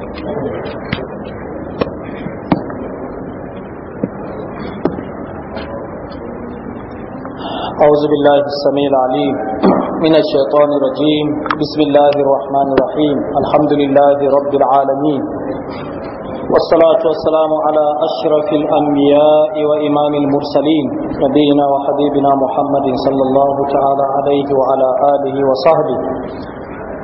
أعوذ بالله السميع العليم من الشيطان الرجيم بسم الله الرحمن الرحيم الحمد لله رب العالمين والصلاة والسلام على أشرف الأنبياء وإمام المرسلين نبينا وحبيبنا محمد صلى الله تعالى عليه وعلى آله وصحبه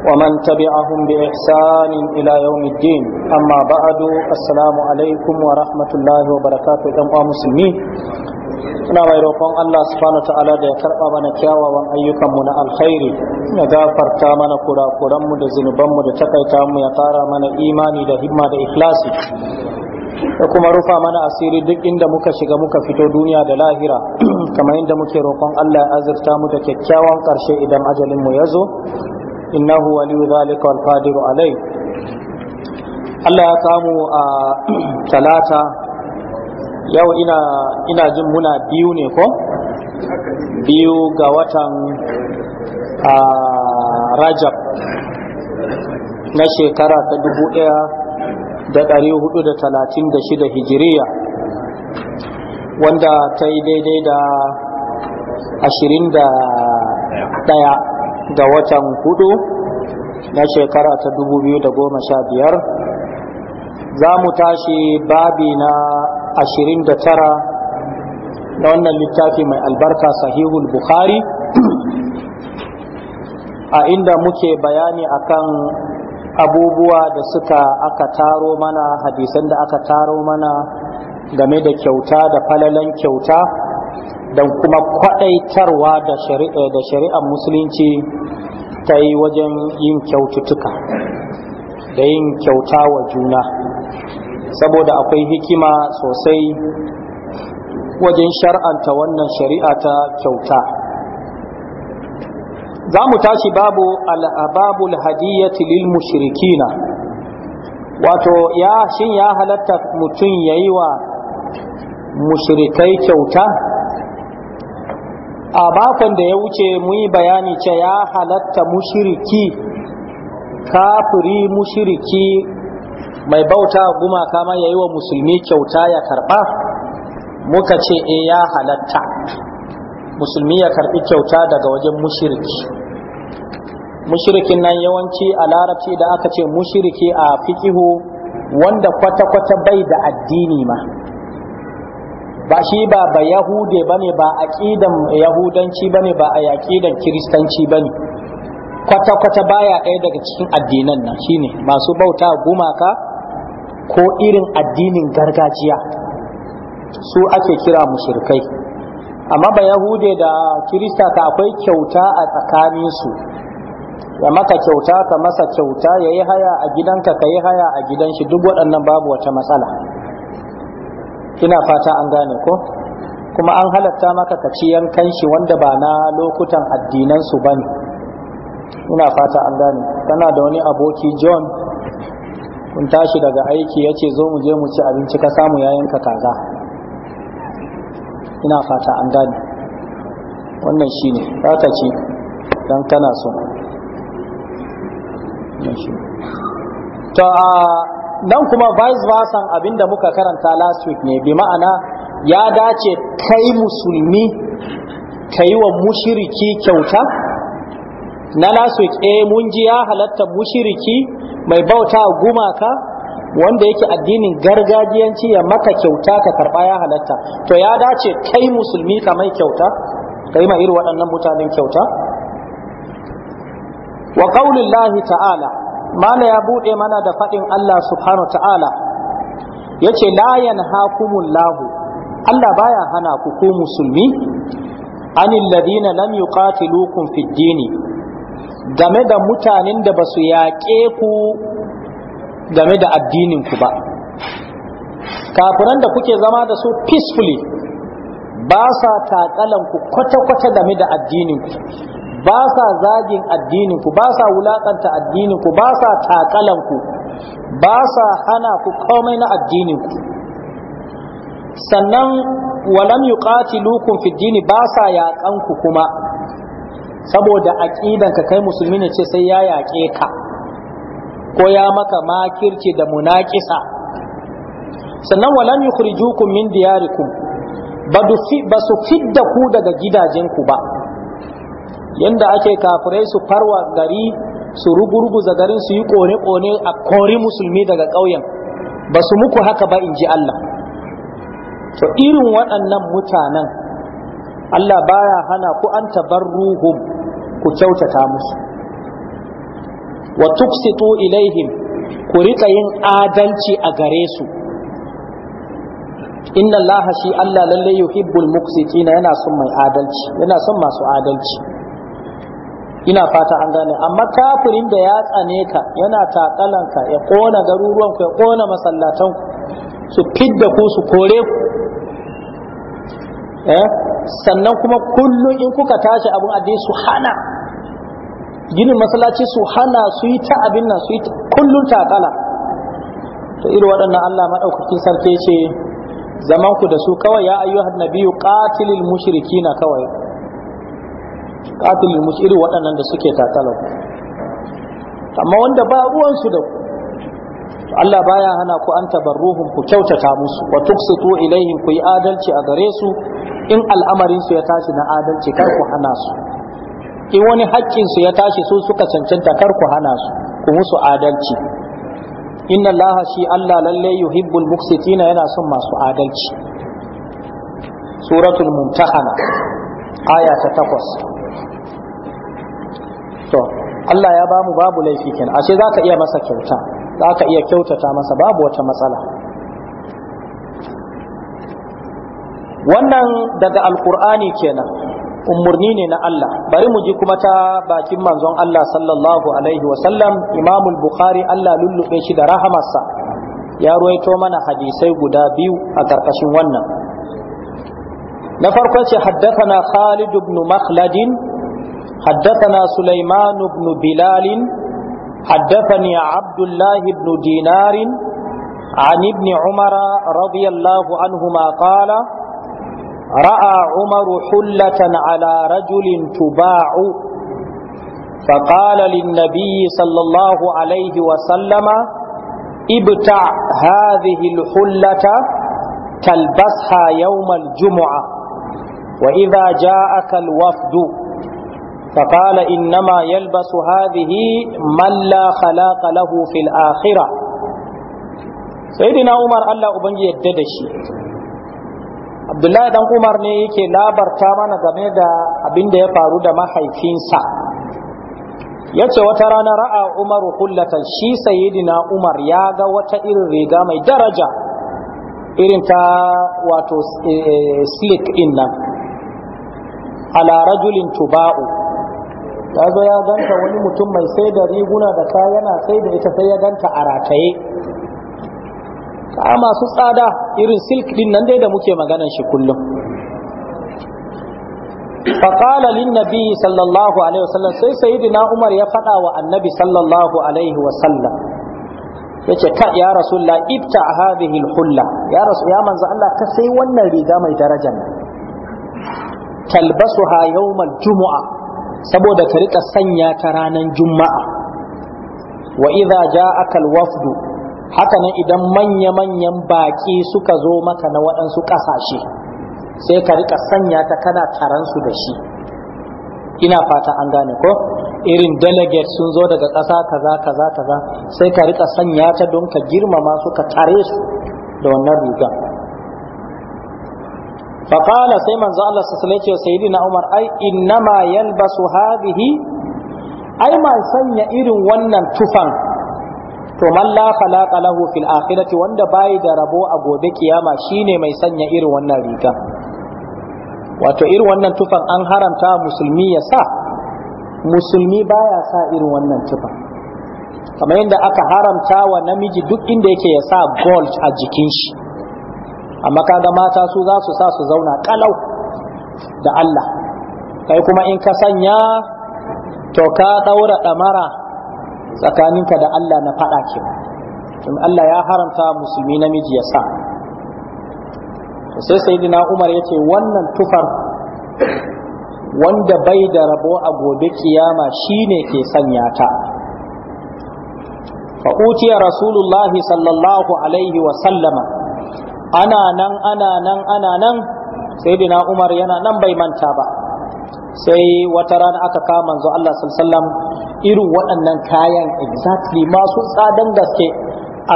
ومن تبعهم بإحسان إلى يوم الدين أما بعد السلام عليكم ورحمة الله وبركاته 'yan المسلمين ina mai roƙon Allah subhanahu ta'ala da ya karɓa mana kyawawan ayyukanmu na alkhairi ya gafarta mana kurakuranmu da zunubanmu da takaita mu ya ƙara mana imani da himma da ikhlasi da kuma rufa mana asiri duk inda muka shiga muka fito duniya da lahira kamar inda muke roƙon Allah ya azurta mu da kyakkyawan ƙarshe idan ajalin mu ya zo إنه ولي ذلك والقادر عليه Allah ya samu a talata yau ina jin muna biyu ne ko biyu ga watan a rajab na shekara ta dubu ɗaya da dari hudu da talatin da shida hijiriya wanda ta yi daidai da ashirin da ɗaya ga watan hudu na shekara ta dubu biyu da goma sha biyar, za mu tashi babi na ashirin da tara na wannan littafi mai albarka sahihul bukhari a inda muke bayani a kan abubuwa da suka aka taro mana hadisan da aka taro mana game da kyauta da falalan kyauta da kuma kwadaitarwa eh, da shari'ar musulunci ta yi wajen yin kyaututtuka da yin kyauta wa juna saboda akwai hikima sosai wajen shar'anta wannan shari'a ta kyauta za mu tashi babu al'ababul hadiyyati lil mushrikina wato ya shin ya halatta mutum ya yi wa mushrikai kyauta a makon da ya wuce muyi bayani ce ya halatta mushiriki kafiri mushiriki mai bauta gumaka ma yayi wa musulmi kyauta ya karba muka ce e ya halatta musulmi ya karbi kyauta daga wajen mushiriki mushirikin nan yawanci a larabci da aka ce mushiriki a fikihu wanda kwata-kwata bai da addini ma ba shi ba ba yahude ne ba aqidan yahudanci ba ne ba a aqidan kiristanci ne. kwata kwata baya ɗaya daga cikin addinan nan shine masu bauta gumaka ko irin addinin gargajiya su ake kira mushrikai amma ba yahude da kirista ka akwai kyauta a tsakaninsu ya maka kyauta ka masa kyauta ya yi haya a gidanka ka yi haya a gidan shi duk waɗannan babu wata matsala ina fata an gane ko kuma an halatta maka kaci yankan shi wanda ba na lokutan addinan su bane ina fata an gane kana da wani aboki John kun tashi daga aiki yace zo mu je mu ci abinci ka samu yayin ka kaza ina fata an gane wannan shine fata ci dan kana so nan kuma vice versa abinda muka karanta last week ne bi ma'ana ya dace kai musulmi kai wa mushiriki kyauta na last week eh mun ji ya halatta mushiriki mai bauta gumaka wanda yake addinin gargajiyanci ya maka kyauta ka karba ya halatta to ya dace kai musulmi ka mai kyauta kai ma irin waɗannan mutanen kyauta wa qaulin ta'ala mana ya bude mana da fadin Allah subhanahu wa ta'ala yace la lahu, Allah baya hana ku ku musulmi anil ladina lam yuqatilukum fid dini game da mutanen da basu yaƙe ku game da addinin ku ba kafiran da kuke zama da su peacefully ba sa takalan ku kwata-kwata game da addinin ku ba sa zagin addinin ku ba sa wulakanta addinin ku ba sa takalan ku ba sa hana ku komai na addinin ku sannan walam yuqatilukum fi dini ba sa yaƙanku ku kuma saboda aqidan ka kai musulmi ne ce sai ya yaƙe ka ko ya maka makirci da munakisa sannan walam yukhrijukum min diyarikum ba su fidda ku daga gidajenku ba yanda ake kafirai su farwa gari su rugurguza garin su yi kone-kone a kori musulmi daga ƙauyen ba su muku haka ba in ji Allah to irin waɗannan mutanen Allah baya hana ku an tabarruhum ku kyautata musu wa tuksitu ilaihim ku rika yin adalci a gare su inna Allah shi Allah lallai yuhibbul muqsitina yana son mai adalci yana son masu adalci ina fata an gane amma kafirin da ya tsane ka yana takalanka ya kona garuruwan ku ya kona masallatan ku su fidda ku su kore ku eh sannan kuma kullun in kuka tashi abun addini su hana ginin masallaci su hana su yi ta abin nan su yi kullun takala to irin waɗannan Allah madaukakin sarki ce zaman ku da su kawai ya ayyuhan nabiyyu qatilil mushrikina kawai katilin musu irin waɗannan da suke tatalau amma wanda ba ruwansu da ku Allah baya hana ku an tabarruhum ku kyautata musu wa tuksitu ilaihim ku yi adalci a gare su in al'amarin su ya tashi na adalci kar ku hana su in wani haƙƙin su ya tashi su suka cancanta kar ku hana su ku musu adalci inna Allah shi Allah lalle yuhibbul muqsitina yana son masu adalci suratul mumtahana aya ta takwas to Allah ya bamu babu laifi kenan ashe zaka iya masa kyauta zaka iya kyautata masa babu wata matsala wannan daga alkur'ani kenan umurni ne na Allah bari mu ji kuma ta bakin manzon Allah sallallahu alaihi wasallam imamul bukhari Allah lullube shi da rahamarsa ya ruwaito mana hadisai guda biyu a karkashin wannan na farko ce haddathana Khalid ibn Makhlad حدثنا سليمان بن بلال حدثني عبد الله بن دينار عن ابن عمر رضي الله عنهما قال رأى عمر حلة على رجل تباع فقال للنبي صلى الله عليه وسلم ابتع هذه الحلة تلبسها يوم الجمعة وإذا جاءك الوفد فقال إنما يلبس هذه من لا خلاق له في الآخرة سيدنا عمر الله أبنجي يددشي Abdullahi dan Umar ne yake labarta mana game da abinda ya faru da mahaifinsa. Ya ce wata rana ra'a Umaru kullatan shi sayidina Umar ya ga wata irin riga mai daraja irin ta wato slick in nan ala rajulin tuba'u ya zo ya ganta wani mutum mai sai da riguna da kayana sai da ita sai ya ganta a rataye ka masu tsada irin silk din nan dai da muke maganan shi kullum faƙala lin nabi sallallahu alaihi wasallam sai sayyidina umar ya faɗa wa annabi sallallahu alaihi wasallam yace ta ya rasulullah ibta hadhihi alhulla ya rasu ya manzo Allah ka sai wannan riga mai darajar nan talbasuha yawmal jumu'a saboda ka rika sanya ta ranar juma'a wa idza ja'aka alwafdu haka nan idan manya-manyan baki suka zo maka na waɗansu ƙasashe sai ka rika sanya ta kana taransu da shi ina fata an gane ko irin delegate sun zo daga ƙasa kaza kaza kaza sai ka rika sanya ta don ka girmama su ka tare su da wannan riga faƙala sai manzo Allah sassale ce sayidina Umar ai innama yalbasu hadhihi ai man sanya irin wannan tufan to man la khalaqa lahu wanda bai da rabo a gobe kiyama shine mai sanya irin wannan riga wato irin wannan tufan an haramta musulmi ya sa musulmi baya sa irin wannan tufan kamar yadda aka haramta wa namiji duk inda yake ya sa gold a jikin shi amma kaga mata su za su sa su zauna kalau da Allah kai kuma in ka sanya to ka daura damara tsakaninka da Allah na fada ke Allah ya haramta musulmi namiji ya sa to sai sayyidina Umar yace wannan tufar wanda bai da rabo a gobe kiyama shine ke sanya ta fa utiya rasulullahi sallallahu alaihi wa sallama ana nan ana nan ana nan sayyidina Umar yana nan bai manta ba sai wata rana aka kama manzo Allah sallallahu irin waɗannan kayan exactly masu tsadan gaske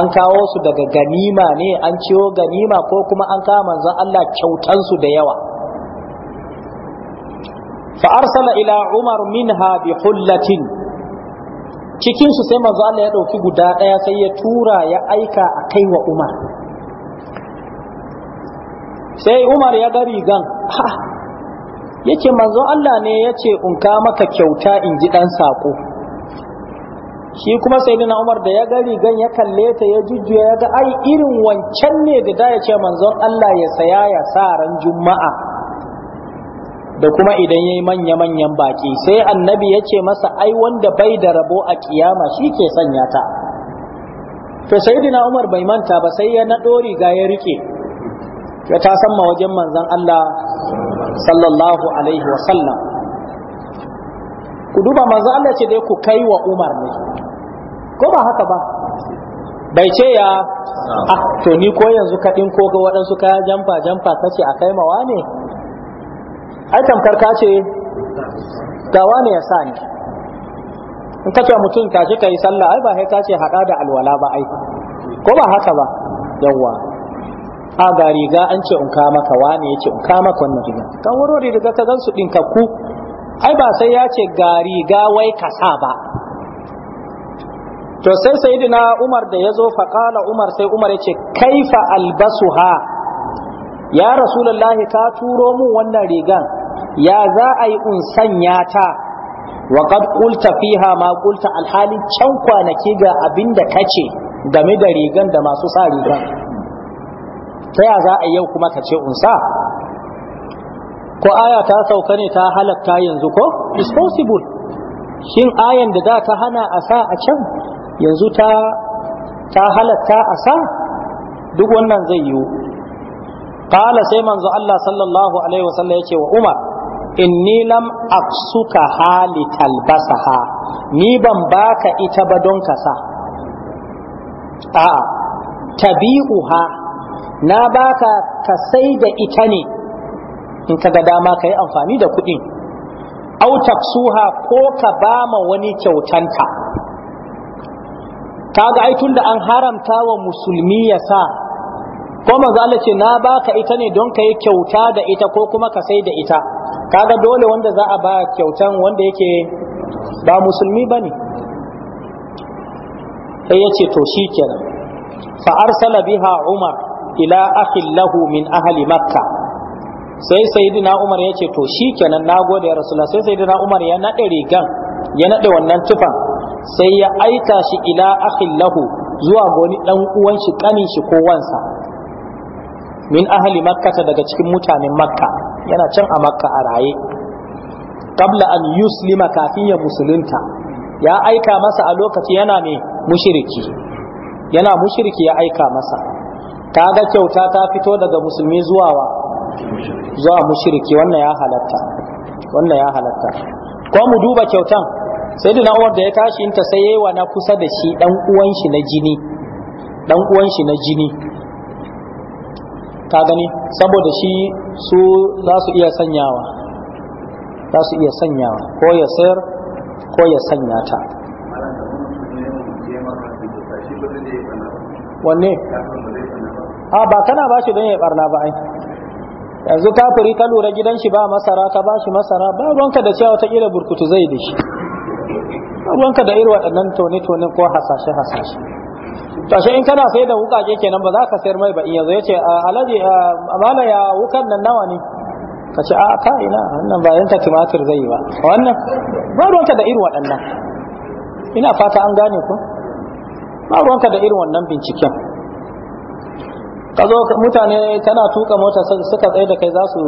an kawo su daga ganima ne an ciwo ganima ko kuma an kama manzo Allah kyautan su da yawa fa arsala ila Umar minha bi hullatin cikin su sai manzo Allah ya dauki guda daya sai ya tura ya aika a kai wa Umar sai umar ya ga rigan ha ya ce manzo Allah ne ya ce in ka maka kyauta in ji ɗan saƙo shi kuma sai umar da ya ga rigan ya kalle ta ya jujjuya ya ga ai irin wancan ne da da yace ce manzon Allah ya saya ya sa ran juma'a da kuma idan ya yi manya-manyan baki sai annabi ya masa ai wanda bai da rabo a kiyama shi ke sanya ta to sayyidina umar bai manta ba sai ya naɗo riga ya rike ya ta ma wajen manzan Allah sallallahu alaihi wa sallam ku duba manzan Allah ce dai ku kai wa Umar ne ko ba haka ba bai ce ya ah to ni ko yanzu kaɗin ko ga waɗansu kaya jamfa jamfa kace a kai mawa ne ai tamkar ka ce gawa ne ya sa ni in ce mutum ka ka kai sallah ai ba sai ka ce hada da alwala ba ai ko ba haka ba yawwa a ga riga an ce in ka maka wane ya ce in ka maka wannan riga kan wuro riga ka gansu ɗin ka ku ai ba sai ya ce ga riga wai ka sa ba to sai sayyidina Umar da yazo fa qala Umar sai Umar yace kaifa albasuha ya rasulullahi ta turo mu wannan rigan ya za a yi sanya ta wa qad qulta fiha ma qulta alhali can kwanaki ga abinda kace game da rigan da masu sa rigan ta ya za a yau kuma ka ce unsa ko aya ta sauka ne ta halatta yanzu ko is possible shin ayan da da ta hana a sa a can yanzu ta halatta a sa duk wannan zai yiwu qala sai manzo Allah sallallahu alaihi wasallam yace wa Umar inni lam aksuka hali talbasaha ni ban baka ita ba don ka sa a'a tabi'uha na baka ka sai da ita ne in ka ga dama ka yi amfani da kuɗin au taksuha ko ka ba ma wani kyautanta ga ai da an haramta wa musulmi ya sa ko manzo Allah ce na baka ita ne don ka yi kyauta da ita ko kuma ka sai da ita kaga dole wanda za a ba kyautan wanda yake ba musulmi bane sai yace to shikenan fa arsala biha Umar ila akhin lahu min ahli makka sai sayyidina umar ya to shikenan nagode ya rasulullah sai sayyidina umar ya nade rigan ya nade wannan tufan sai ya aika shi ila akhin lahu zuwa goni wani dan uwan shi kanin shi ko wansa min ahli makka daga cikin mutanen makka yana can a makka a raye qabla an yuslima kafin ya musulunta ya aika masa a lokaci yana ne mushiriki yana mushiriki ya aika masa kaga kyauta ta fito daga musulmi zuwa wa zuwa mushriki wannan ya halatta wannan ya halatta ko mu duba kyautan sai da nawar da ya tashi inta sai yayi wa na kusa da shi dan uwan shi na jini dan uwan shi na jini ka gani saboda shi su za su iya sanyawa za su iya sanyawa ko ya sayar ko ya sanya ta wanne a ba kana ba shi don ya barna ba ai yanzu kafiri ka lura gidan shi ba masara ka ba shi masara ba ruwanka da cewa ta wataƙila burkutu zai da shi ba ruwanka da irin waɗannan tone-tone ko hasashe-hasashe to shi in kana sai da wukake kenan ba za ka sayar mai ba in yanzu ya ce alaji amana ya wukan nan nawa ne ka ce a ka ina wannan ba yanka timatir zai yi ba wannan ba ruwanka da irin waɗannan ina fata an gane ku ba ruwanka da irin wannan binciken ka zo mutane kana tuka mota suka tsaye da kai za su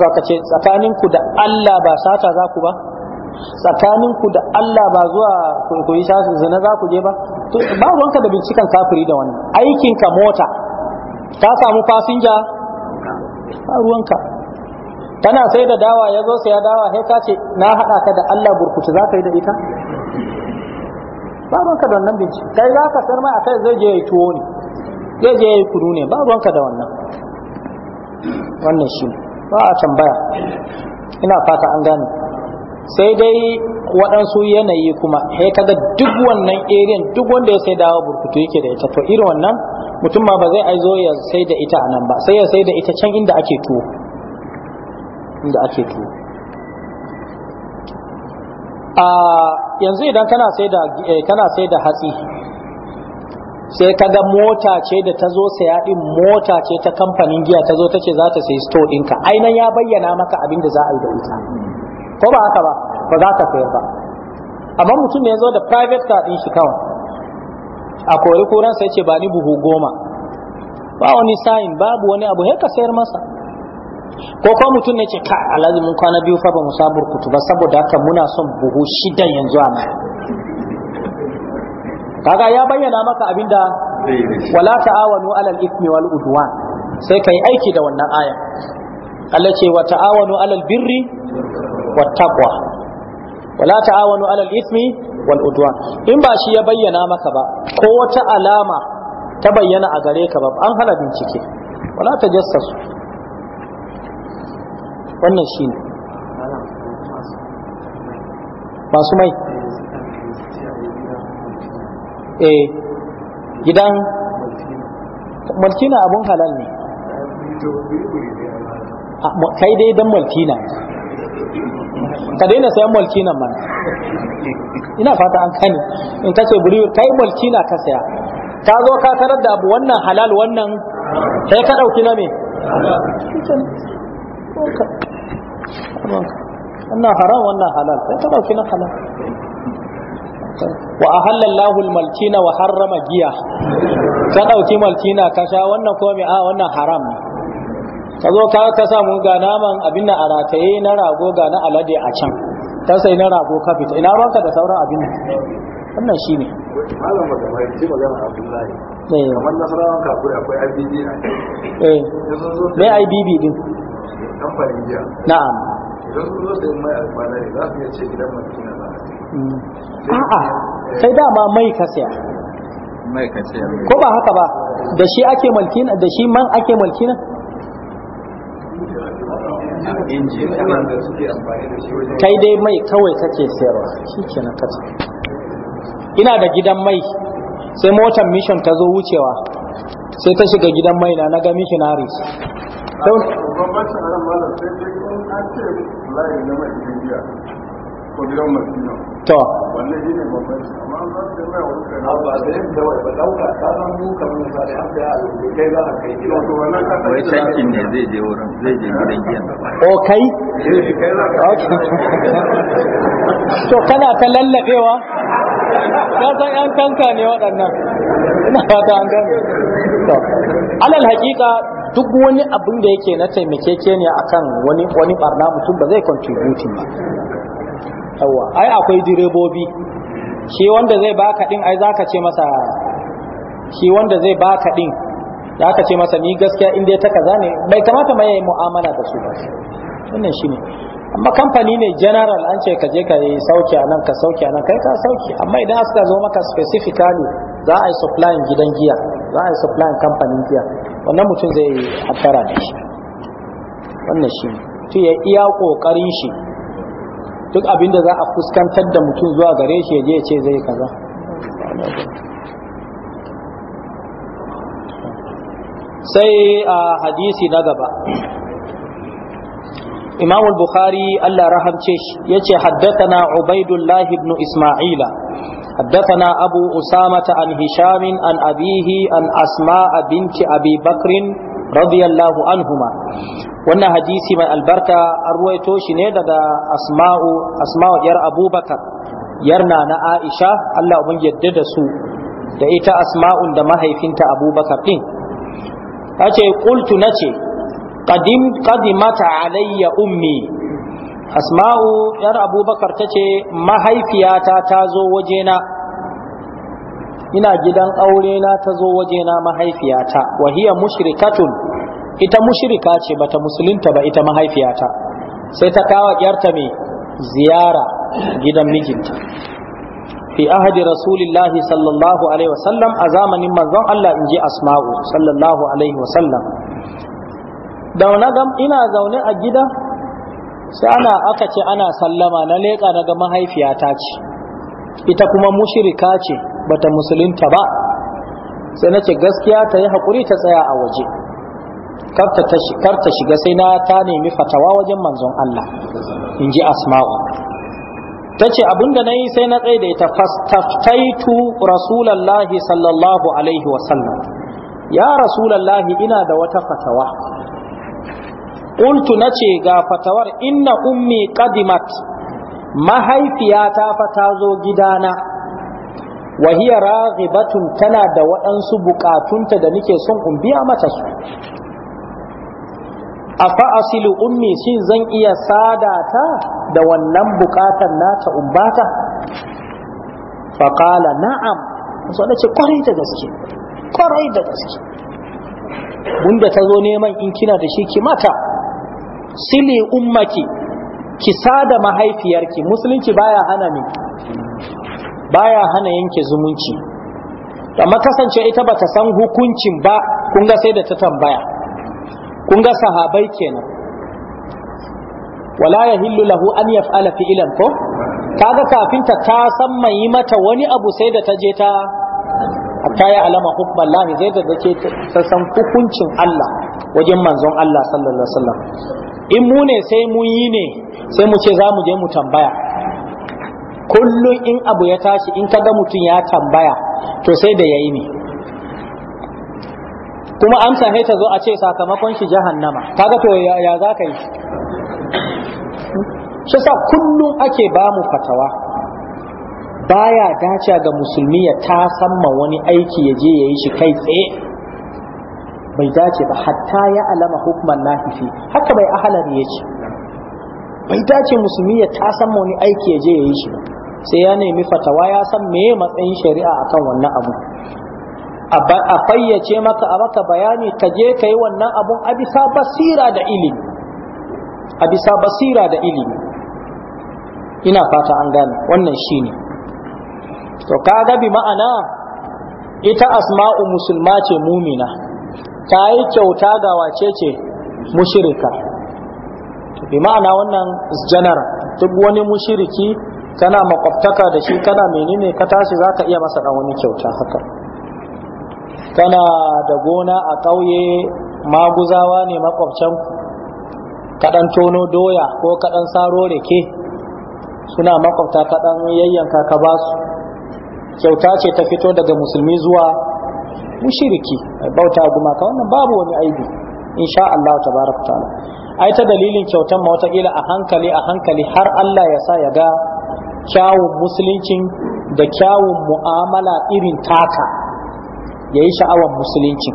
za ka ce tsakaninku da Allah ba sata za ku ba tsakaninku da Allah ba zuwa ku yi shafi zina za ku je ba ba ruwanka da bincikan kafiri da wannan aikinka mota ta samu fasinja ba ruwanka tana sai da dawa ya zo sai ya dawa sai ka ce na hada ka da Allah burkutu za ka yi da ita ba ruwanka da wannan bincike kai za ka sarma a kai zai je ya yi tuwo ne zai je yi kudu ne babu wanka da wannan wannan shi ba a tambaya ina fata an gane sai dai waɗansu yanayi kuma he kaga duk wannan irin duk wanda ya sai dawa burkutu yake da ita to irin wannan mutum ma ba zai zo ya sai da ita a nan ba sai ya sai da ita can inda ake tuwo inda ake tuwo a ah, yanzu idan kana sai da eh, kana sai da hatsi sai kaga mota ce da ta zo saya din mota ce ta kamfanin giya ta zo ta ce za ta sayi store ɗinka ainihin ya bayyana maka abin da za a yi da ita ko ba haka ba ba za ka sayar ba amma mutum ne ya zo da private car ɗin shi kawai a kori kuran sai ce ba ni buhu goma ba wani sayin babu wani abu ka sayar masa ko ko mutum ne ce ka alhaji mun kwana biyu fa ba mu samu rukutu ba saboda haka muna son buhu shida yanzu a nan kaga ya bayyana maka abinda wala ta'awanu alal ismi wal udwan sai kai aiki da wannan aya Allah ce wa ta'awanu alal birri wat taqwa wala ta'awanu alal ismi wal udwan in ba shi ya bayyana maka ba ko wata alama ta bayyana a gare ka ba an hana bincike wala tajassasu wannan shine masu mai eh gidan maltina abun halal ne kai dai dan maltina ka daina sayan maltina man ina fata an kani in kace buri kai maltina ka saya ka zo ka tarar da abu wannan halal wannan sai ka dauki na me wannan haram wannan halal sai ka dauki na halal wa ahalla Allahul malkina wa harrama giya ka dauki malkina ka sha wannan ko a wannan haram ka zo ka ka samu ga naman abin na arataye na rago ga na alade a can ta sai na rago ka fita ina ranka da sauran abin wannan shi ne malam magamai ce magana abdullahi eh. kamar nasarawan kafin akwai ibb a eh mai ibb din kamfanin giya na'am idan sun zo sai mai alfana za su iya ce gidan madina Mm. a'a sai dama mai ka siya, mai ka ko ba haka ba da shi ake mulki da shi man ake mulki na kai dai mai kawai kake sayarwa shi ke na ina da gidan mai sai motar mission ta zo wucewa sai ta shiga gidan mai na naga missionaries bambancin anan malam sai dai kun an ce layi na mai gidan ko gidan to wannan shi babban amma wani wai ba dauka ka san kai za kai ne zai je gidan giyan eh, to kana ta lallabewa ka san ƴan kanka ne waɗannan ina fata an gane to alal haƙiƙa duk wani abin da yake na taimakekeniya akan wani wani barna mutum ba zai contribute ba yawa ai akwai direbobi shi wanda zai baka din ai zaka ce masa shi wanda zai baka din zaka ce masa ni gaskiya in dai ta kaza ne bai kamata mai yayi mu'amala da su ba wannan shine amma kamfani ne general an ce ka je ka yi sauki a nan ka sauki a nan kai ka sauki amma idan aka zo maka specifically za a yi supply gidan giya za a yi supply kamfanin giya wannan mutum zai yi hattara da shi wannan shi ne ya iya kokarin shi duk abin da za a fuskantar da mutum zuwa gare shi ya je ce zai kaza sai a hadisi na gaba imam al-bukhari Allah rahamce shi yace haddathana ubaidullah ibn isma'ila haddatana abu usama an Hishamin, an abihi an asma'a binti abi bakrin radiyallahu anhuma wannan hadisi mai albarka an ruwaito shi ne daga asma'u asma'u yar abubakar yarna na aisha Allah ubun yadda da su da ita asma'un da mahaifinta abubakar din tace qultu na ce, qadimata alayya ummi asma'u yar abubakar tace mahaifiyata ta zo wajena ina gidan aure na ta zo waje na mahaifiyata wa hiya mushrikatun ita mushrika ce bata musulunta ba ita mahaifiyata sai ta kawo yarta me ziyara gidan mijinta fi ahadi rasulillahi sallallahu alaihi wasallam a zamanin manzon Allah inji asma'u sallallahu alaihi wasallam da ina zaune a gida sai ana aka ce ana sallama na leƙa daga mahaifiyata ce ita kuma mushirika ce bata musulunta ba sai nace gaskiya ta yi haƙuri ta tsaya a waje kar ta shiga sai na ta nemi fatawa wajen manzon Allah in ji asma'u ta ce abinda na yi sai na tsaye da ita fastaftaitu rasulallahi sallallahu alaihi wasallam ya rasulallahi ina da wata fatawa ƙultu na ce ga fatawar inna ummi qadimat mahaifiyata fa ta zo gidana wa hiya raghibatun tana da waɗansu bukatunta da nake son in biya mata su afa asilu ummi shin zan iya sadata da wannan bukatan nata umbata fa qala na'am so ce kwarai da gaske kwarai da gaske bunda ta zo neman in kina da shi ki mata sili ummaki ki sada mahaifiyarki musulunci baya hana ni baya hana yanke zumunci amma kasance ita bata san hukuncin ba kun ga sai da ta tambaya kun ga sahabai kenan wala yahillu lahu an yaf'ala ilan ko kaga kafin ta ta san mai mata wani abu sai da ta je ta hatta ya alama hukman zai da ta san hukuncin Allah wajen manzon Allah sallallahu alaihi wasallam in mu ne sai mu yi ne sai mu ce za mu je mu tambaya kullum in abu ya tashi in kaga mutum ya tambaya to sai da yayi ne kuma amsa sai ta zo a ce sakamakon shi jahannama kaga to ya za ka yi shi sa kullum ake ba mu fatawa baya dace ga musulmi ya ta samma wani aiki ya je ya yi shi kai tsaye bai dace ba hatta ya alama hukman nahifi haka bai ahalar ya ce bai dace musulmi ya ta samma wani aiki ya je ya yi shi ba sai ya nemi fatawa ya san meye matsayin shari'a akan wannan abu a fayyace maka a maka bayani ka je ka yi wannan abun a bisa basira da ilimi a bisa basira da ilimi ina fata an gane wannan shi ne. to ka bi ma'ana ita asma'u musulma ce mumina ta yi kyauta ga wace ce mushirika bi ma'ana wannan general duk wani mushiriki kana makwabtaka da shi kana menene ka tashi za ka iya masa ɗan wani kyauta haka kana da gona a ƙauye maguzawa ne makwabcan kaɗan tono doya ko kaɗan saro rake suna makwabta kaɗan yayyanka ka ba su kyauta ce ta fito daga musulmi zuwa mushiriki bauta gumaka wannan babu wani aibi insha Allah tabaraka ta'ala ai ta dalilin kyautan ma wata kila a hankali a hankali har Allah ya sa ya ga kyawun musuluncin da kyawun mu'amala irin taka ya yi sha'awar musuluncin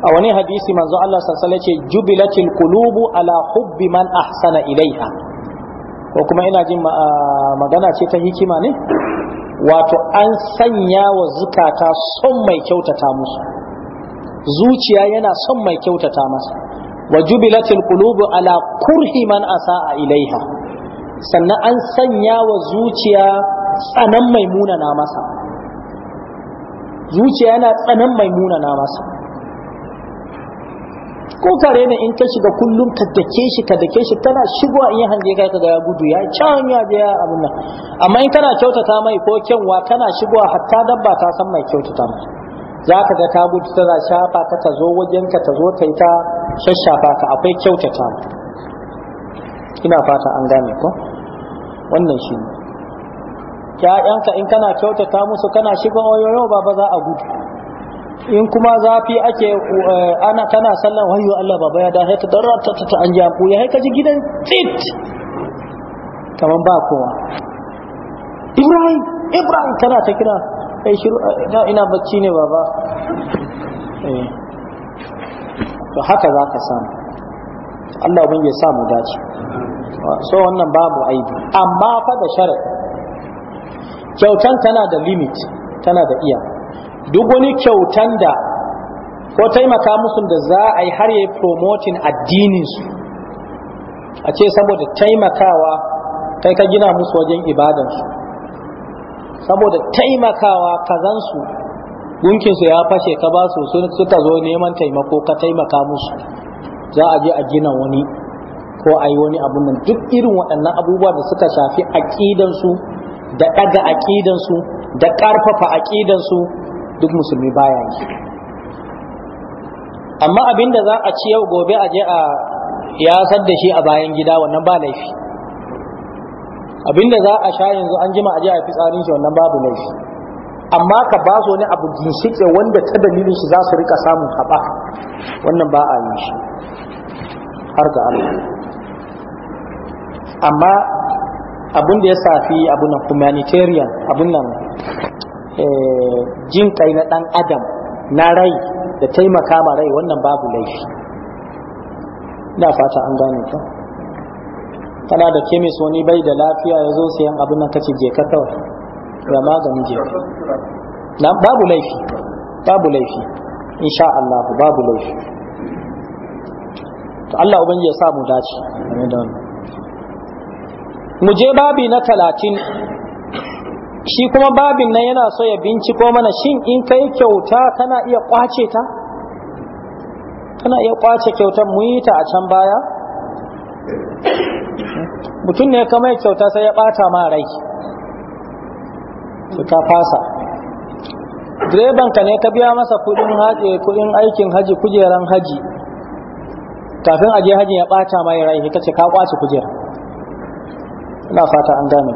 a wani hadisi manzo Allah sassale ce jubilatil kulubu ala hubbi man ahsana ilaiha ko kuma ina jin ah, magana ce ta hikima ne wato an sanya wa zukata son mai kyautata musu zuciya yana son mai kyautata masa wa jubilatil kulubu ala kurhi man asa a ilaiha sannan an sanya wa zuciya tsanan mai munana masa zuciya yana tsanan mai munana masa ko kare ne in ka shiga kullum ka dake shi ka dake shi tana shigowa in ya hange kai ka ya gudu ya can ya je ya abin nan amma in kana kyautata mai ko kyanwa tana shigowa hatta dabba ta san mai kyautata mai za ka ga ta gudu tana shafa ka ta zo wajen ka ta zo ta yi ta shashafa ka akwai kyautata ina fata an gane ko wannan shi ne ƴaƴanka in kana kyautata musu kana shiga oyoyo baba za a gudu in kuma zafi ake eh, ana kana sallan wayo Allah baba ya dahe ta darra ta ta an ja ku ya haika ji gidan tit kaman ba kowa Ibrahim Ibrahim kana ta kira kai shiru ina bacci ne baba eh to haka zaka samu Allah ubangiji ya sa mu dace so wannan babu aibi amma fa da sharadi kyautan tana da limit tana da iya duk wani kyautan da ko taimaka musu da za a yi har yi promoting addininsu a ce saboda taimakawa kai ka gina musu wajen ibadansu saboda taimakawa kazansu gunkinsu ya fashe ka ba su suka zo neman taimako ka taimaka musu za a je a gina wani ko a yi wani abun nan duk irin waɗannan abubuwa da suka shafi aƙidansu da ɗaga aƙidansu da ƙarfafa aƙidansu duk musulmi baya yi amma abin da za a ci yau gobe a je a ya da shi a bayan gida wannan ba laifi abin da za a sha yanzu an jima a je a fi tsarin shi wannan babu laifi amma ka ba su wani abu ginshiƙe wanda ta dalilin shi za su rika samun haɓa wannan ba a yi shi har ga Allah amma abun da ya safi abu nan humanitarian abun nan eh, jin kai na dan adam na rai da taimaka ma rai wannan babu laifi na fata an gane ta kana da kemis wani bai da lafiya ya zo sayan abin nan kace je ka kawai ya maganin je na babu laifi babu laifi insha Allah babu laifi to Allah ubangiji ya sa mu dace da wannan mu je babi na talatin shi kuma babin nan yana so ya binciko mana shin in kai kyauta kana iya kwace ta kana iya kwace kyautar mu yi ta a can baya mutum ne kama ya kyauta sai ya bata ma rai ka fasa direban ka ne ka biya masa kudin haje kudin aikin haji kujeran haji kafin aje haji ya bata mai rai kace ka kwace kujeran. ina fata an gane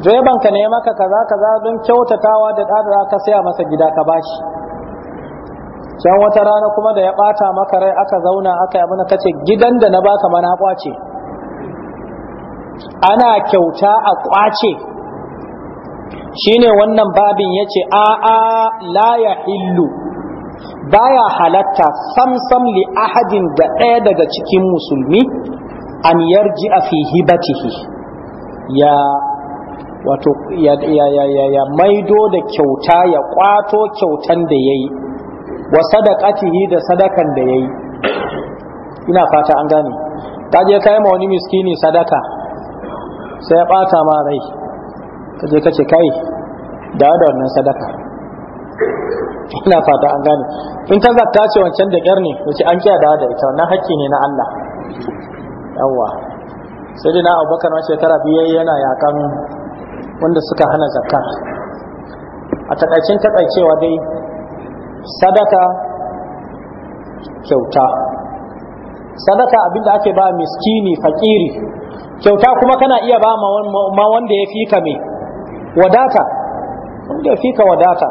direban ka ne maka kaza kaza don kyautatawa da dadara ka saya masa gida ka bashi can wata rana kuma da ya bata maka rai aka zauna aka yi abin kace gidan da na baka mana kwace ana kyauta a kwace shine wannan babin yace a a la Illu baya halatta samsam li ahadin da ɗaya daga cikin musulmi an yarji a fi hibatihi ya wato ya, ya, ya, ya, ya maido da kyauta ya kwato kyautan da ya yi wa sadakatihi da sadakan da ya yi ina fata an gane ka je ka yi ma wani miskini sadaka sai ya bata ma rai ka je ka ce kai da da wannan sadaka ina fata an gane in ta zata ce wancan da ƙyar ne wace an kiya da da ita wannan hakki ne na Allah yawa sai dina abubakar na shekara biyayya yana yakan wanda suka hana zakka a takaicin takaicewa dai sadaka kyauta sadaka abinda ake ba miskini fakiri kyauta kuma kana iya ba ma wanda ya fi ka me wadata wanda ya fi ka wadata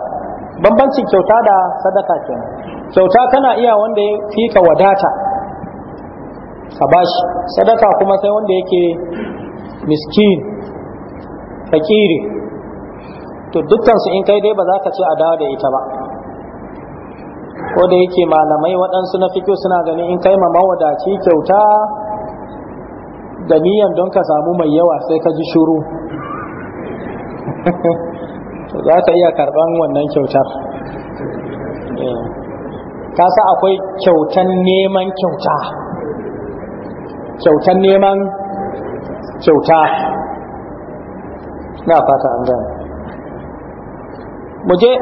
bambancin kyauta da sadaka kenan kyauta kana iya wanda ya fi ka wadata ka bashi sadaka kuma sai wanda yake miskin fakiri to dukkansu in kai dai ba za ka ce a dawo da ita ba ko da yake malamai waɗansu na fikiyo suna ganin in kai ma mawadaci kyauta da miyan don ka samu mai yawa sai ka ji shuru za ka iya karɓan wannan kyautar eh. kasa akwai kyautan neman kyauta kyautan neman kyauta na fata an gane muje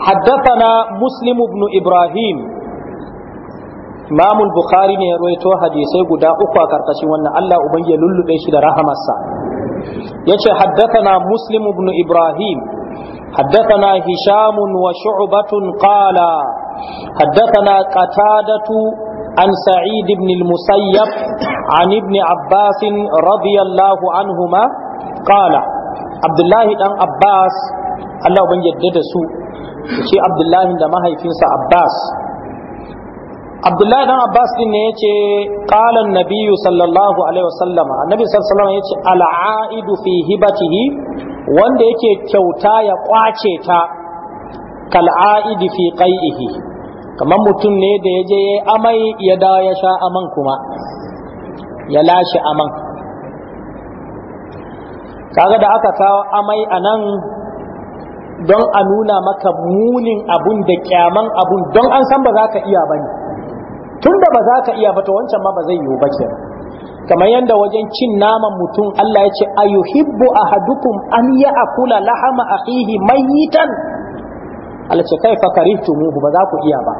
حدثنا مسلم بن Ibrahim, إمام bukhari ne ruwaito hadisai guda uku a karkashin wannan Allah uban ya lullube shi da rahamarsa yace haddathana muslim ibn ibrahim haddathana Hishamun wa shu'batun qala haddathana ƙatadatu. عن سعيد بن المسيب عن ابن عباس رضي الله عنهما قال عبد الله بن عباس الله بن يدد سوء عبد الله لما هيفنس عباس عبد الله بن عباس din ne yace qala an-nabiy sallallahu alaihi wasallam annabi sallallahu alaihi wasallam yace al-aidu fi hibatihi wanda yake kyauta ya ƙwace ta kal-aidi kamar mutum ne da ya je ya amai ya dawo ya sha aman kuma ya lashe aman kaga da aka kawo amai a nan don a nuna maka munin abun da kyaman abun don an san ba za ka iya ba ne tun da ba za ka iya ba to wancan ma ba zai yiwu ba kamar yadda wajen cin naman mutum Allah ya ce ayuhibbu ahadukum an kula lahama a yi mayitan Allah ce kai karitu mu ba za ku iya ba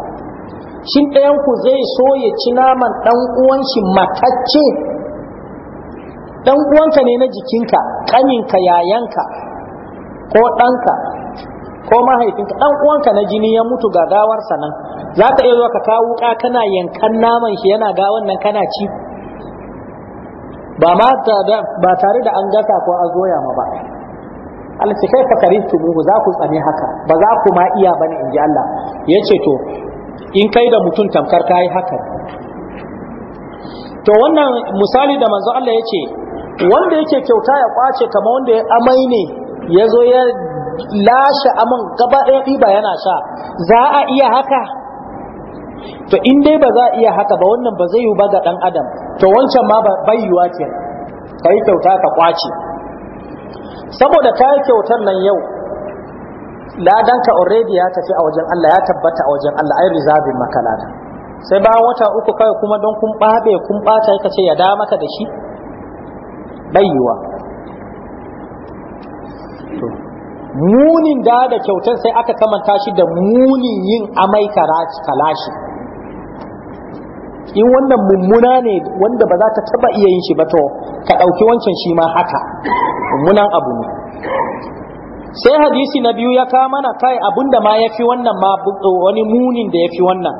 shin ɗayan ku zai so ya ci naman dan uwan shi matacce dan uwanka ne na jikinka ƙaninka, yayanka ko ɗanka ko mahaifinka dan uwanka na jini ya mutu ga gawarsa nan za ka iya zuwa ka kawo wuka kana yankan naman shi yana gawan nan kana ci ba ba tare da an gasa ko a zoya ma ba Allah ce kai fakarihtu mu za ku tsane haka ba za ku ma iya bane inji Allah yace to in kai da mutum tamkar kai haka to wannan misali da manzo Allah yace wanda yake kyauta ya kwace kamar wanda ya amai ne ya zo ya lashe aman gaba ɗaya ɗiba yana sha za a iya haka to in dai ba za a iya haka ba wannan ba zai yi ba ga ɗan adam to wancan ma ba yiwuwa ka kai kyauta ka kwace saboda ta yi kyautar nan yau ladanka already ya tafi a wajen Allah ya tabbata a wajen Allah ai reserve maka sai bayan wata uku kawai kuma don kun babe kun ɓata ka ce ya da maka da shi bayyuwa munin da da kyautar sai aka kamanta shi da munin yin amai kalashi in wannan mummuna ne wanda ba za ka taba iya yin shi ba to ka ɗauki wancan shi ma haka mummunan abu ne sai hadisi na biyu ya kama mana kai abunda ma ya fi wannan ma wani munin da ya fi wannan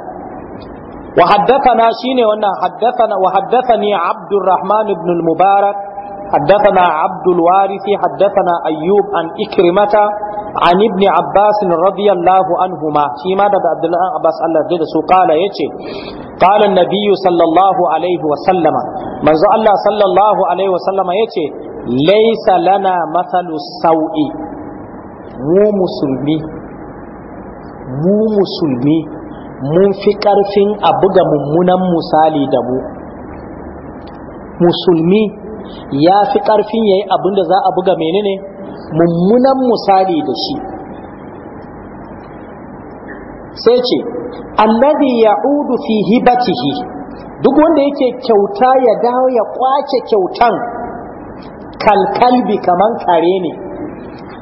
wa haddathana shine wannan haddathana wa haddathani abdurrahman ibn al-mubarak haddathana abdul warith haddathana ayyub an ikrimata an ibn abbas radiyallahu anhuma shi daga abdullahi abbas Allah da su kala yace qala an-nabiy sallallahu alaihi wa sallama manzo Allah sallallahu alaihi wa sallama yace laysa lana mathalu sawi mu musulmi mu musulmi mun fi ƙarfin a buga mummunan misali da mu musulmi ya fi yi yayi da za a buga menene mummunan misali da shi sai ce ya ya'udu fi hibatihi duk wanda yake kyauta ya dawo ya kwace kyautan kalkalbi kamar kare ne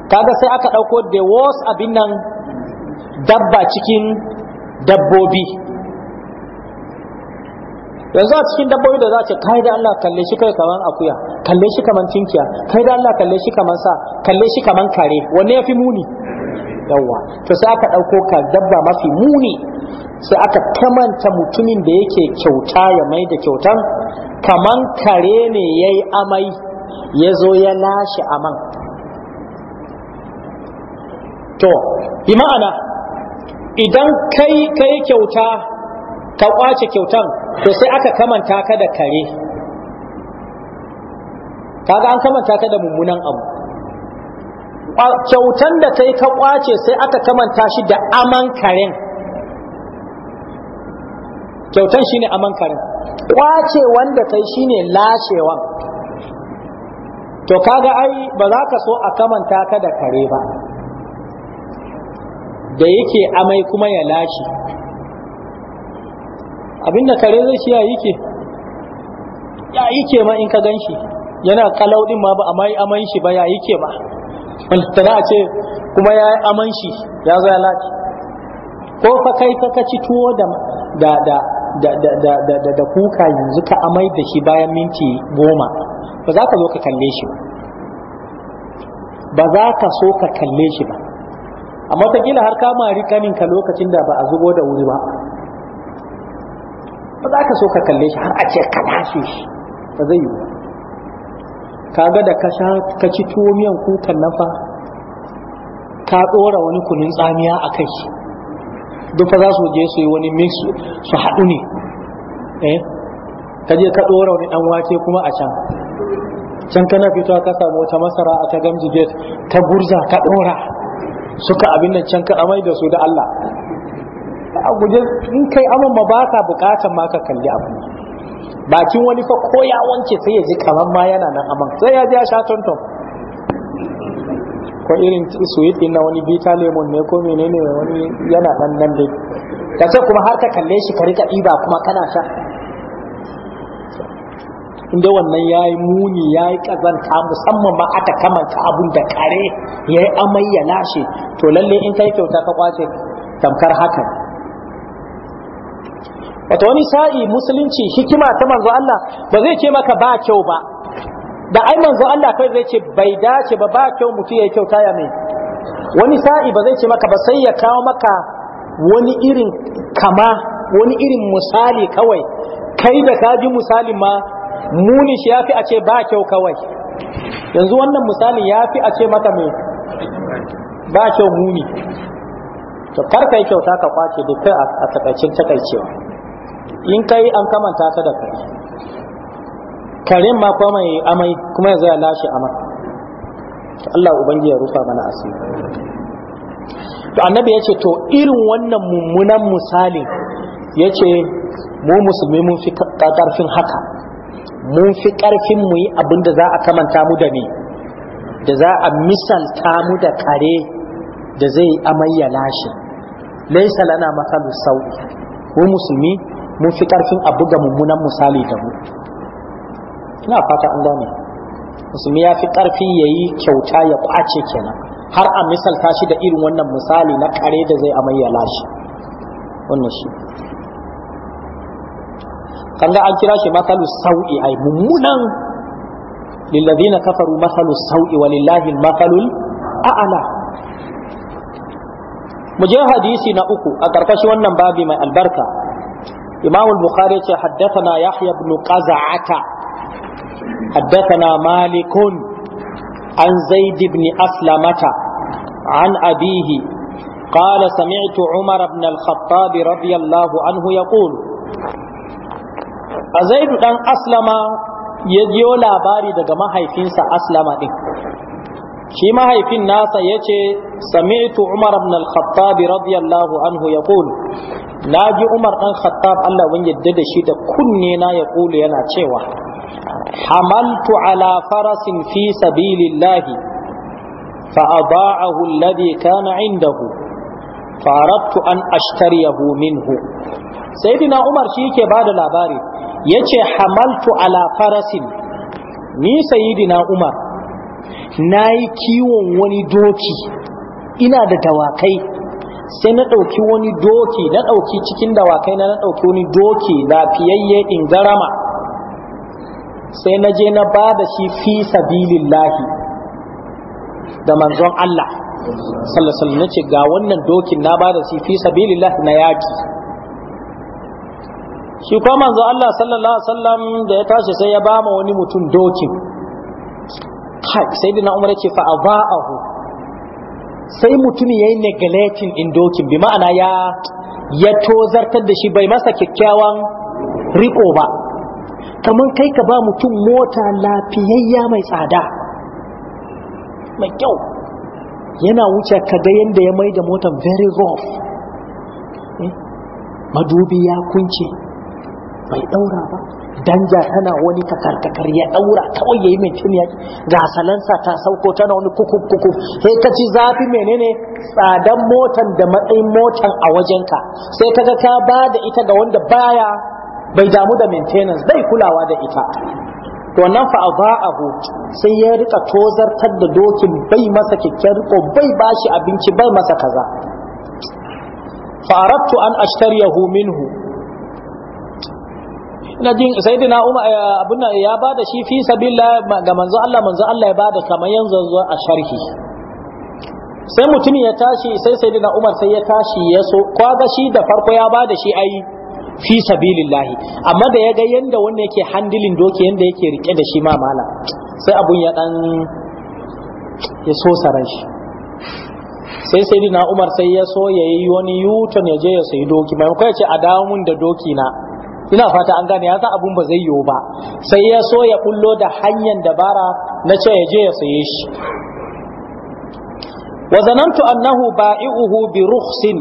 kaga sai aka ɗauko the worst abin nan dabba cikin dabbobi yanzu a cikin dabbobi da za ce kai da Allah kalle shi kai kaman akuya kalle shi kaman tinkiya kai da Allah kalle shi kaman sa kalle shi kaman kare wanne yafi muni yawa to sai aka dauko ka dabba mafi muni sai aka kamanta mutumin da yake kyauta ya mai da kyautan kaman kare ne yayi amai ya zo ya lashe aman to bi ma'ana idan kai kai kyauta ka kwace kyautan to sai aka kamanta ka da kare kaga an kamanta ka da mummunan abu kyautan da ta yi ka kwace sai aka kamanta shi da aman karen kyautan shine aman karen kwace wanda ta yi shine lashewa to kaga ai ba za ka so a kamanta ka da kare ba da yake amai kuma ya lashe abinda kare zai shi ya yi ke ya yi ke ma in ka gan shi yana kalau din ma ba a mai aman shi ba ya yi ke ma ta a ce kuma ya yi aman shi ya zo ya lati ko fa kai ka ci tuwo da da da da da da da da kuka yanzu ka amai da shi bayan minti goma ba za ka zo ka kalle shi ba ba za ka so ka kalle shi ba amma ta kila har ka mari kanin ka lokacin da ba a zubo da wuri ba ba za ka so ka kalle shi har a ce ka tashe shi ba zai yi ga da ka ci tuwo miyan kukan nafa ka ɗora wani kunin tsamiya a kai duk fa za su je su yi wani mix su haɗu ne eh ka je ka ɗora wani ɗan wake kuma a can can kana fitowa ka samu wata masara a ta gamji gate ta gurza ka ɗora suka abin nan can ka amai da su da Allah a guje in kai aman ma ba ka bukatan ma ka kalli abu bakin wani fa ko ya wanke sai ya ji kamar ma yana nan aman sai ya ji ya sha ko irin sweet din na wani bita lemon ne ko menene wani yana nan nan dai ka ce kuma har ka kalle shi ka rika ɗiba kuma kana sha inda wannan ya yi muni ya yi ƙazanta musamman ma aka kamanta abun da kare ya yi amai ya lashe to lalle in kai kyauta ka kwace tamkar hakan wata wani sa'i musulunci hikima ta manzo Allah ba zai ce maka ba kyau ba da ai manzo Allah kai zai ce bai dace ba ba kyau mutum ya kyauta ya mai wani sa'i ba zai ce maka ba sai ya kawo maka wani irin kama wani irin misali kawai kai da kaji misalin ma muni shi yafi a ce ba kyau kawai yanzu wannan misali yafi a ce maka mai ba kyau muni to karka yi kyauta ka kwace dukkan a takaicin takaicewa in kai an kamanta ka da kai karen ma kuma mai amai kuma yanzu ya lashe amai Allah ubangiji ya rufa mana asiri to annabi yace to irin wannan mummunan misalin yace mu musulmi mun fi karfin haka mun fi karfin mu yi abin da za a kamanta mu da ni da za a misalta mu da kare da zai amai ya lashe laisa lana masalu sau'i mu musulmi mun fi ƙarfin a buga mummunan misali da mu ina fata an gane musulmi ya fi karfi ya yi kyauta ya kwace kenan har a misalta shi da irin wannan misali na kare da zai amai ya lashe. wannan shi kan an kira shi masalu sau'i ai mummunan lillazina kafaru masalu sau'i walillahi masalul a'ala mu je hadisi na uku a karkashin wannan babi mai albarka Imamul al-bukhari ya ce yahya ibn qaza'ata haddathana malikun an zaid ibn aslamata an abihi قال سمعت عمر بن الخطاب رضي الله عنه يقول زيد دان أسلم يجيو لاباري دغ mahaifinsa aslama ɗin shi mahaifin nasa yace sami'tu umar ibn al-khattab radiyallahu anhu yaqul na ji umar ɗan khattab Allah wani yadda da shi da kunne na ya ƙulu yana cewa hamaltu ala farasin fi sabilillahi fa ada'ahu alladhi kana indahu farattu an ashtariyahu minhu sayyidina umar shi yake bada labari yace hamaltu ala farasin ni sayyidina umar nayi kiwon wani doki ina da dawakai sai na ɗauki wani doki na ɗauki cikin dawakai na na ɗauki wani doki lafiyayye in garama sai na je na ba da shi fi sabilillahi da manzon Allah Sallasallu na ce ga wannan dokin na ba da shi fi sabilillahi na yaki shi kuma manzo Allah sallallahu alaihi wasallam da ya tashi sai ya ba ma wani mutum dokin kai sai dina umar ce a abahu sai mutum ya yi neglecting in dokin bi ma'ana ya ya tozartar da shi bai masa kyakkyawan riko ba kamar kai ka ba mutum mota lafiyayya mai tsada mai kyau yana wuce kaga yadda ya mai da motar very rough hmm? madubi ya kunce bai daura ba danja tana wani takartakar ya daura kawai yayi mai cin yaki ga salansa ta sauko tana wani kukukuku. sai ka ci zafi menene tsadan motan da matsayin motan a wajenka sai kaga ka ba da ita ga wanda baya bai damu da maintenance bai kulawa da ita to wannan fa adaa'ahu sai ya rika tozartar da dokin bai masa kikkiyar riko bai bashi abinci bai masa kaza fa aradtu an ashtariyahu minhu na jin sayyidina umar eh, abunna ya bada shi fi sabilillah ga manzo Allah manzo Allah ya bada kamar yanzu zuwa a sharhi sai mutum ya tashi sai sayyidina umar sai ya tashi ya so kwaga shi da farko ya bada shi ai fi sabilillah amma da ya ga yanda wanda yake handling doki yanda yake rike da shi ma mala sai abun ya dan ya so saran shi sai sayyidina umar sai ya so yayi wani yuta ne je ya sayi doki maimakon ya ce a dawo mun da doki na ina fata an gane ya sa abun ba zai yiwu ba sai ya so ya kullo da hanyar dabara na ce ya je ya saye shi wa zanantu annahu ba'i'uhu bi rukhsin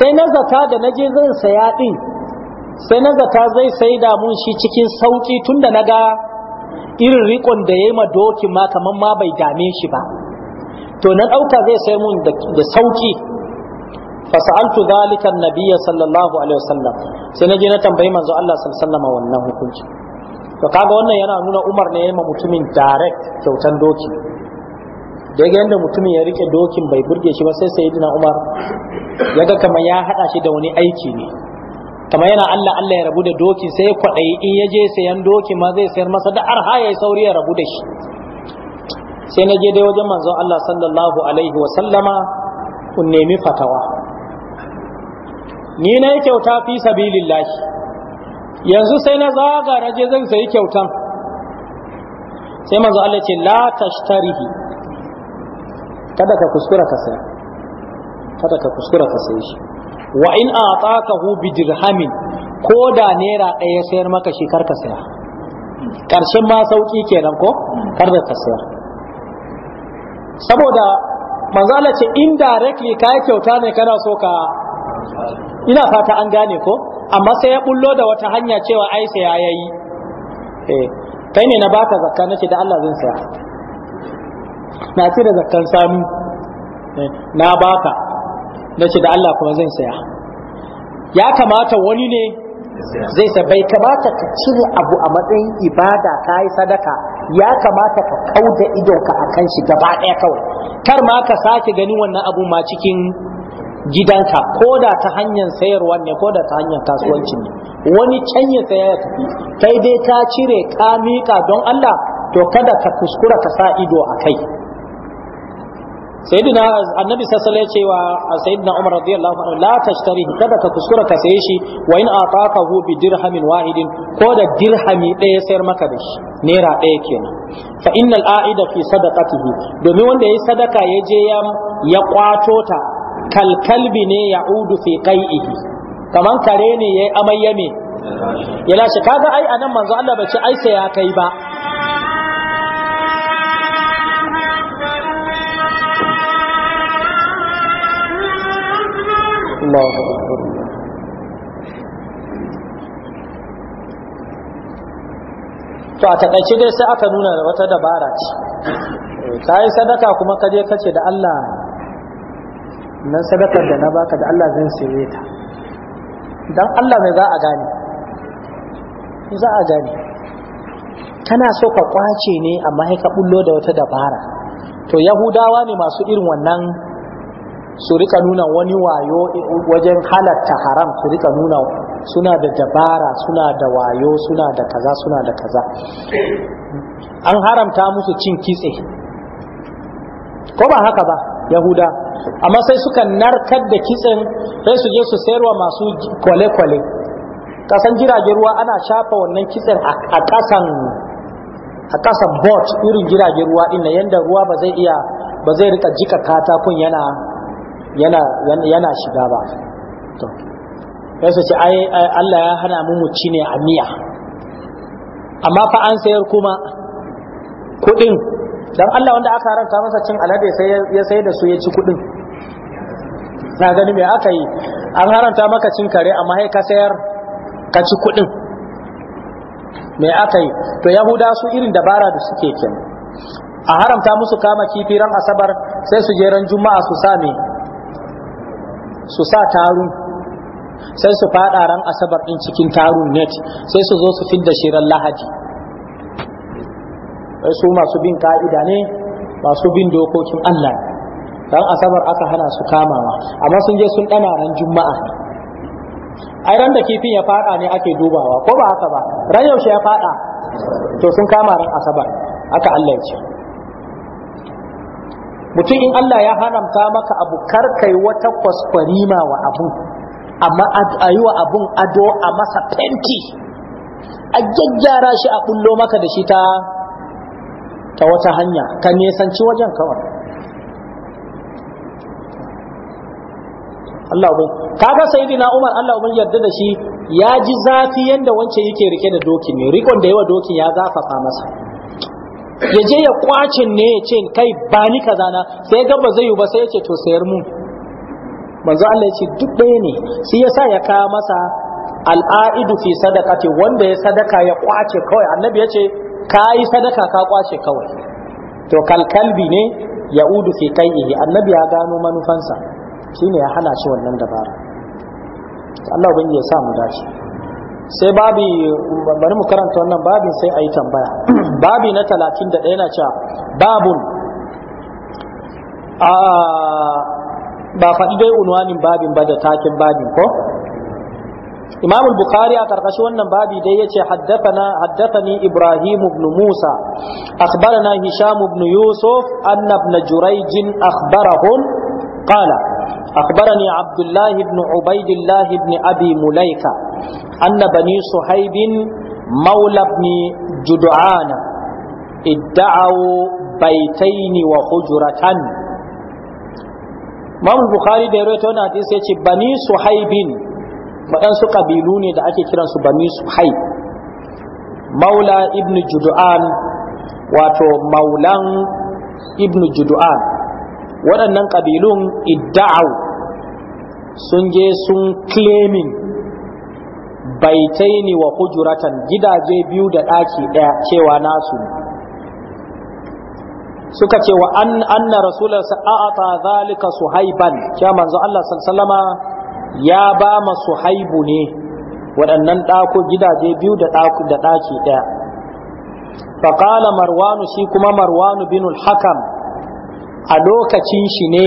sai na zata da naje zan saya din sai na zata zai sai da mun shi cikin sauki tunda naga irin rikon da yayi ma dokin ma kaman ma bai dame shi ba to na dauka zai sai mun da sauki فسألت ذلك النبي صلى الله عليه وسلم سنجي نتنبهي من زو الله صلى الله عليه وسلم وانه كنت فقاقا وانا ينا نونا عمر نيما متمين دارك كوتان دوكي da ga yadda mutumin ya rike dokin bai burge shi ba sai sayyidina Umar ya ga kamar ya hada shi da wani aiki ne kamar yana Allah Allah ya rabu da dokin sai ya kwadayi in ya je sayan dokin ma zai sayar masa da arha ya sauri ya rabu da shi sai na je dai wajen manzon Allah sallallahu alaihi wa sallama kun nemi fatawa ni na yi kyauta fi sabilillahi yanzu sai na zaga na je zan sayi kyautan sai manzo Allah ce la tashtarihi kada ka kuskura ka sayi kada ka kuskura ka sayi shi wa in hu bi dirhamin ko da naira ɗaya sayar maka shi kar ka saya karshen ma sauki kenan ko kar da ka saya saboda manzo Allah ce indirectly yi kyauta ne kana so ka ina fata an gane ko amma sai ya bullo da wata hanya cewa ai sai ya yayi eh kai ne na baka zakka nace da Allah zan saya na ci da zakkan samu eh, na baka nace da Allah kuma zan saya ya kamata wani ne zai sa bai kamata ka cire abu a matsayin ibada ka yi sadaka ya kamata ka kauda idonka akan shi gaba ɗaya kawai kar ma ka sake ganin wannan abu ma cikin gidanka ko da ta hanyar sayarwa ne ko da ta hanyar kasuwanci ne wani can ya saya ya tafi kai dai ta cire ka miƙa don Allah to kada ka kuskura ka sa ido a kai sayyidina annabi sallallahu alaihi cewa sayyidina umar radiyallahu anhu la tashtari kada ka kuskura ka saye shi wa in ataqahu bi dirhamin wahidin ko da dirhami ɗaya sayar maka da shi naira ɗaya kenan fa innal a'ida fi sadaqatihi domin wanda yayi sadaka ya je ya kwato ta kalkalbi ne ya udu fi qai'ihi kaman kare ne yi amai yame ya lashe kaga ai nan manzo Allah bace ai sai ya kai ba to a takaice dai sai aka nuna da wata dabara ce ka sadaka kuma kaje kace da Allah na sadakar da na baka da Allah zai saye ta dan Allah mai za a gane za a gane kana so ka kwace ne amma ka bullo da wata dabara to yahudawa ne masu irin wannan su rika nuna wani wayo wajen halatta haram su rika nuna suna da dabara suna da wayo suna da kaza suna da kaza an haramta musu cin kitse ko ba haka ba yahuda amma sai suka narkar da kitsen sai su je su sayarwa masu kwale-kwale kasan jiragen ruwa ana shafa wannan kitsen a kasan a kasan bot irin jiragen ruwa din yanda ruwa ba zai iya ba zai rika jika katakun yana yana yana shiga ba to sai su ce ai Allah ya hana mu mu ci ne a miya amma fa an sayar kuma kuɗin dan Allah wanda aka haramta masa cin alade sai ya sai da su ya ci kudin na gani me aka yi an haramta maka cin kare amma sai ka sayar ka ci kudin me aka yi to yahuda su irin dabara da suke kenan a haramta musu kama kifi ran asabar sai su je ran juma'a su sa su sa tarun sai su fada ran asabar din cikin tarun net sai su zo su fidda da lahadi su masu bin ka'ida ne masu bin dokokin Allah dan asabar aka hana su kamawa amma sun je sun dana ran juma'a ai ran da kifin ya fada ne ake dubawa ko ba haka ba ran yaushe ya fada to sun kama ran asabar haka Allah ya ce mutum in Allah ya haramta maka abu kar kai wata kwaskwarima wa abu amma a wa abun ado a masa fenti a gyaggyara shi a kullo maka da shi ta ta wata hanya ka nesanci wajen kawai Allah ubin kaga sayyidina Umar Allah ubin yarda da shi ya ji zafi yanda wance yake rike da dokin ne rikon da yawa dokin ya zafafa masa ya je ya kwacin ne ya ce kai ba ni kaza na sai ga ba zai yi ba sai ya ce to sayar mu manzo Allah ya ce duk ɗaya ne shi yasa ya kawo masa al'aidu fi sadaqati wanda ya sadaka ya kwace kawai annabi ya ce ka yi sadaka ka kwace kawai to kalkalbi ne ya udu fi kai annabi ya gano manufansa shine ya hana shi wannan dabara Allah ban ya sa mu dace sai babi bari mu karanta wannan babin sai ayi tambaya babi na 31 na cewa babun a ah, ba faɗi dai unwanin babin ba da takin babin ko imam al-bukhari a karkashin wannan babi dai yace haddathana haddathani ibrahim ibn musa akhbarana hisham ibn yusuf anna ibn jurayj akhbarahum qala akhbarani abdullah ibn ubaidillah ibn abi mulaika anna bani suhaib مولى بن جدعان ادعوا بيتين وحجرة Imam Bukhari da ya rawaito wannan hadisi yace Bani Suhaibin waɗansu ƙabilu ne da ake kiransu bani suhai maula ibn judu'an wato maulan ibn judu'an waɗannan ƙabilun idda'au sun je sun claiming baitaini wa hujuratan gidaje biyu da ɗaki ɗaya cewa nasu suka ce wa anna rasulullah sa'ata zalika suhaiban kya manzo Allah sallallahu alaihi ya ba masu haibu ne waɗannan ɗako gidaje biyu da ɗaki ɗaya faƙala marwanu shi kuma marwanu binul hakam a lokacin shi ne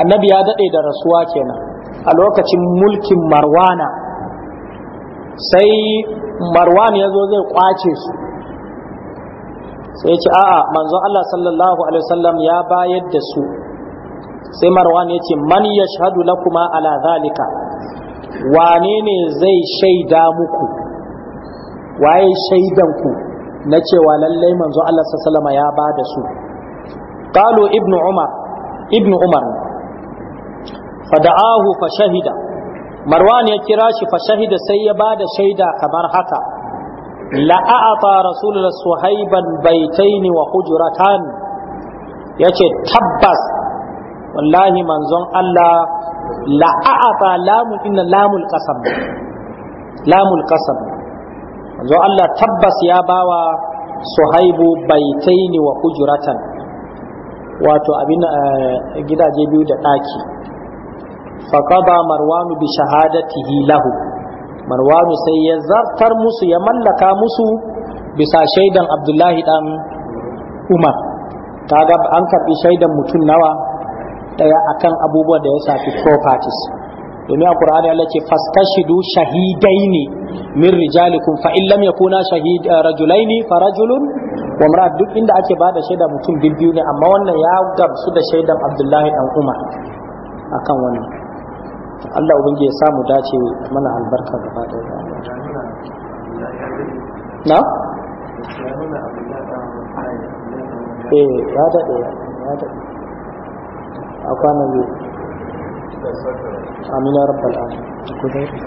annabi ya daɗe da rasuwa kenan a lokacin mulkin marwana sai marwan ya zo zai kwace su sai ce a'a manzon Allah sallallahu alaihi wasallam ya bayar da su sai marwan yace ce man yashhadu lakuma ala zalika wane ne zai shaida muku waye shaidan ku na lallai manzo Allah sallama ya bada su qalu ibnu umar ibnu umar fada'ahu fa shahida marwan ya kira shi fa shahida sai ya ba da shaida kamar haka la'ata rasulullah suhaiban baitaini wa hujratan yace tabbas wallahi manzon Allah la'a'ata lamun inna lamul qasam lamul manzon Allah tabbas ya bawa suhaibu baitaini wa hujuratan wato abin eh, gidaje biyu da ɗaki faqada marwanu bi shahadatihi lahu marwanu sai ya zartar musu ya mallaka musu bisa shaidan abdullahi dan umar kaga an karbi shaidan mutum nawa ɗaya akan abubuwan da ya shafi properties domin a Qur'ani Allah ce fastashidu shahidaini min rijalikum fa in yakuna shahid eh, rajulaini fa rajulun wa mar'at duk inda ake bada shaida mutum biyu ne amma wannan ya gamsu da shaidan Abdullahi dan Umar akan wannan Allah ubangiji ya samu dace mana albarka gaba da na eh ya da ya da a kwanan biyu amina rabbal alamin